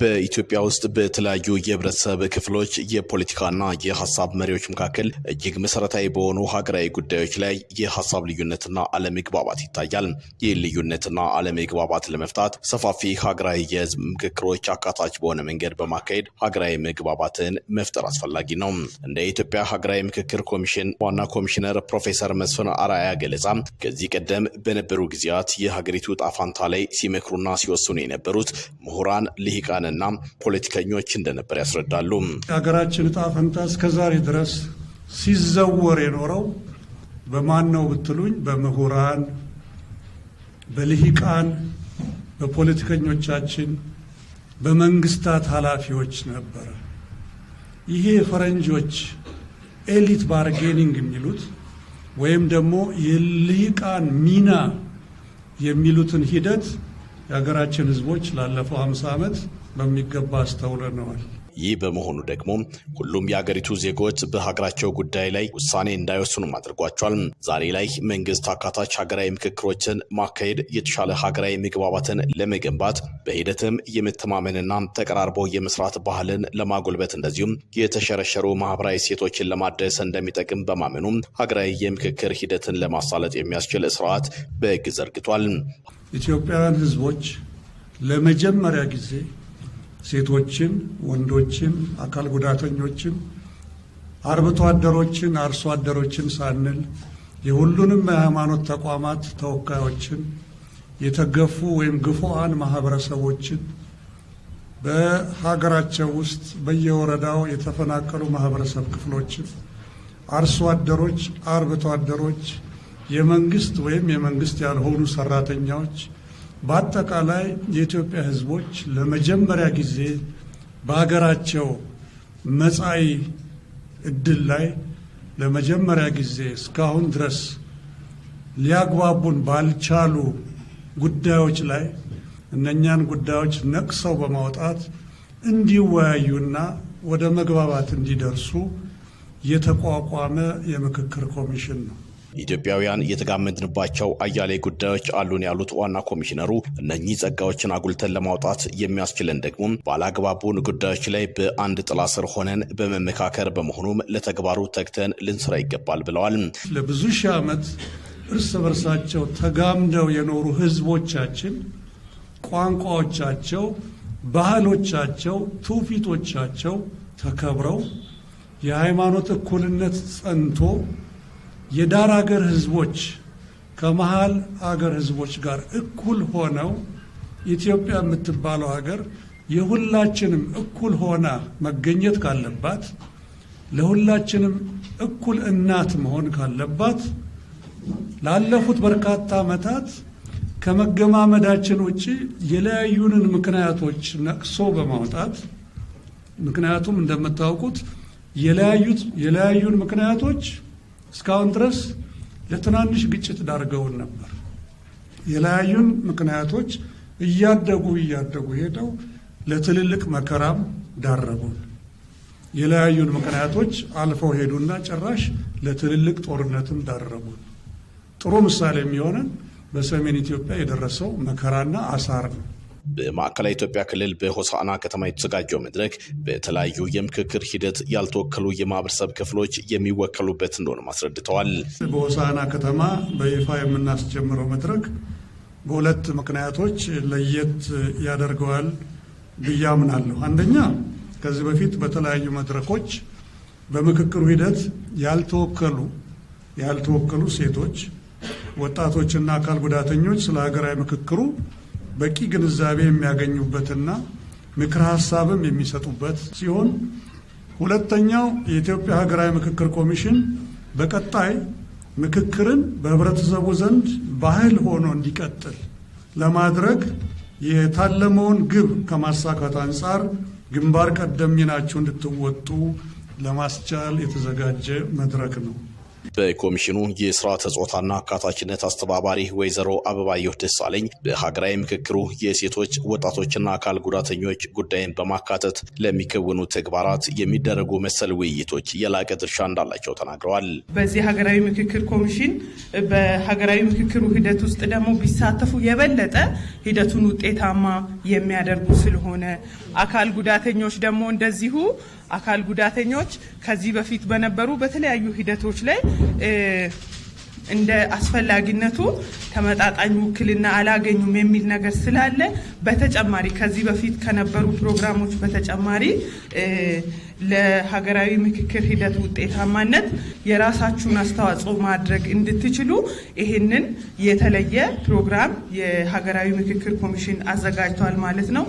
በኢትዮጵያ ውስጥ በተለያዩ የህብረተሰብ ክፍሎች የፖለቲካና የሀሳብ መሪዎች መካከል እጅግ መሰረታዊ በሆኑ ሀገራዊ ጉዳዮች ላይ የሀሳብ ልዩነትና አለመግባባት ይታያል። ይህ ልዩነትና አለመግባባት ለመፍታት ሰፋፊ ሀገራዊ የህዝብ ምክክሮች አካታች በሆነ መንገድ በማካሄድ ሀገራዊ መግባባትን መፍጠር አስፈላጊ ነው። እንደ ኢትዮጵያ ሀገራዊ ምክክር ኮሚሽን ዋና ኮሚሽነር ፕሮፌሰር መስፍን አራያ ገለጻ ከዚህ ቀደም በነበሩ ጊዜያት የሀገሪቱ ጣፋንታ ላይ ሲመክሩና ሲወስኑ የነበሩት ምሁራን ልሂቃን ምሁራንና ፖለቲከኞች እንደነበር ያስረዳሉ። የሀገራችን እጣ ፈንታ እስከዛሬ ድረስ ሲዘወር የኖረው በማን ነው ብትሉኝ፣ በምሁራን፣ በልሂቃን፣ በፖለቲከኞቻችን፣ በመንግስታት ኃላፊዎች ነበረ። ይሄ ፈረንጆች ኤሊት ባርጌኒንግ የሚሉት ወይም ደግሞ የልሂቃን ሚና የሚሉትን ሂደት የሀገራችን ህዝቦች ላለፈው 50 ዓመት በሚገባ አስተውለነዋል። ይህ በመሆኑ ደግሞ ሁሉም የአገሪቱ ዜጎች በሀገራቸው ጉዳይ ላይ ውሳኔ እንዳይወስኑም አድርጓቸዋል። ዛሬ ላይ መንግስት አካታች ሀገራዊ ምክክሮችን ማካሄድ የተሻለ ሀገራዊ መግባባትን ለመገንባት በሂደትም የመተማመንና ተቀራርቦ የመስራት ባህልን ለማጎልበት እንደዚሁም የተሸረሸሩ ማህበራዊ ሴቶችን ለማደስ እንደሚጠቅም በማመኑ ሀገራዊ የምክክር ሂደትን ለማሳለጥ የሚያስችል ስርዓት በሕግ ዘርግቷል። ኢትዮጵያውያን ህዝቦች ለመጀመሪያ ጊዜ ሴቶችን፣ ወንዶችን፣ አካል ጉዳተኞችን፣ አርብቶ አደሮችን፣ አርሶ አደሮችን ሳንል የሁሉንም የሃይማኖት ተቋማት ተወካዮችን፣ የተገፉ ወይም ግፉዓን ማህበረሰቦችን፣ በሀገራቸው ውስጥ በየወረዳው የተፈናቀሉ ማህበረሰብ ክፍሎችን፣ አርሶ አደሮች፣ አርብቶ አደሮች፣ የመንግስት ወይም የመንግስት ያልሆኑ ሰራተኛዎች በአጠቃላይ የኢትዮጵያ ሕዝቦች ለመጀመሪያ ጊዜ በሀገራቸው መጻኢ እድል ላይ ለመጀመሪያ ጊዜ እስካሁን ድረስ ሊያግባቡን ባልቻሉ ጉዳዮች ላይ እነኛን ጉዳዮች ነቅሰው በማውጣት እንዲወያዩና ወደ መግባባት እንዲደርሱ የተቋቋመ የምክክር ኮሚሽን ነው። ኢትዮጵያውያን እየተጋመድንባቸው አያሌ ጉዳዮች አሉን ያሉት ዋና ኮሚሽነሩ እነኚህ ጸጋዎችን አጉልተን ለማውጣት የሚያስችለን ደግሞ ባላግባቡን ጉዳዮች ላይ በአንድ ጥላ ስር ሆነን በመመካከር በመሆኑም ለተግባሩ ተግተን ልንስራ ይገባል ብለዋል። ለብዙ ሺህ ዓመት እርስ በርሳቸው ተጋምደው የኖሩ ህዝቦቻችን ቋንቋዎቻቸው፣ ባህሎቻቸው፣ ትውፊቶቻቸው ተከብረው የሃይማኖት እኩልነት ጸንቶ የዳር አገር ህዝቦች ከመሀል አገር ህዝቦች ጋር እኩል ሆነው ኢትዮጵያ የምትባለው ሀገር የሁላችንም እኩል ሆና መገኘት ካለባት ለሁላችንም እኩል እናት መሆን ካለባት ላለፉት በርካታ ዓመታት ከመገማመዳችን ውጪ የለያዩንን ምክንያቶች ነቅሶ በማውጣት ምክንያቱም እንደምታውቁት የለያዩን ምክንያቶች እስካሁን ድረስ ለትናንሽ ግጭት ዳርገውን ነበር። የለያዩን ምክንያቶች እያደጉ እያደጉ ሄደው ለትልልቅ መከራም ዳረጉን። የለያዩን ምክንያቶች አልፈው ሄዱና ጭራሽ ለትልልቅ ጦርነትም ዳረጉን። ጥሩ ምሳሌ የሚሆነን በሰሜን ኢትዮጵያ የደረሰው መከራና አሳር ነው። በማዕከላዊ ኢትዮጵያ ክልል በሆሳና ከተማ የተዘጋጀው መድረክ በተለያዩ የምክክር ሂደት ያልተወከሉ የማህበረሰብ ክፍሎች የሚወከሉበት እንደሆነ አስረድተዋል። በሆሳና ከተማ በይፋ የምናስጀምረው መድረክ በሁለት ምክንያቶች ለየት ያደርገዋል ብዬ አምናለሁ። አንደኛ ከዚህ በፊት በተለያዩ መድረኮች በምክክሩ ሂደት ያልተወከሉ ያልተወከሉ ሴቶች፣ ወጣቶችና አካል ጉዳተኞች ስለ ሀገራዊ ምክክሩ በቂ ግንዛቤ የሚያገኙበትና ምክር ሀሳብም የሚሰጡበት ሲሆን ሁለተኛው የኢትዮጵያ ሀገራዊ ምክክር ኮሚሽን በቀጣይ ምክክርን በህብረተሰቡ ዘንድ ባህል ሆኖ እንዲቀጥል ለማድረግ የታለመውን ግብ ከማሳካት አንጻር ግንባር ቀደም ሚናችሁ እንድትወጡ ለማስቻል የተዘጋጀ መድረክ ነው። በኮሚሽኑ የስርዓተ ጾታና አካታችነት አስተባባሪ ወይዘሮ አበባየሁ ደሳለኝ በሀገራዊ ምክክሩ የሴቶች ወጣቶችና አካል ጉዳተኞች ጉዳይን በማካተት ለሚከወኑ ተግባራት የሚደረጉ መሰል ውይይቶች የላቀ ድርሻ እንዳላቸው ተናግረዋል። በዚህ ሀገራዊ ምክክር ኮሚሽን በሀገራዊ ምክክሩ ሂደት ውስጥ ደግሞ ቢሳተፉ የበለጠ ሂደቱን ውጤታማ የሚያደርጉ ስለሆነ አካል ጉዳተኞች ደግሞ እንደዚሁ አካል ጉዳተኞች ከዚህ በፊት በነበሩ በተለያዩ ሂደቶች ላይ እንደ አስፈላጊነቱ ተመጣጣኝ ውክልና አላገኙም የሚል ነገር ስላለ በተጨማሪ ከዚህ በፊት ከነበሩ ፕሮግራሞች በተጨማሪ ለሀገራዊ ምክክር ሂደት ውጤታማነት የራሳችሁን አስተዋጽኦ ማድረግ እንድትችሉ ይህንን የተለየ ፕሮግራም የሀገራዊ ምክክር ኮሚሽን አዘጋጅቷል ማለት ነው።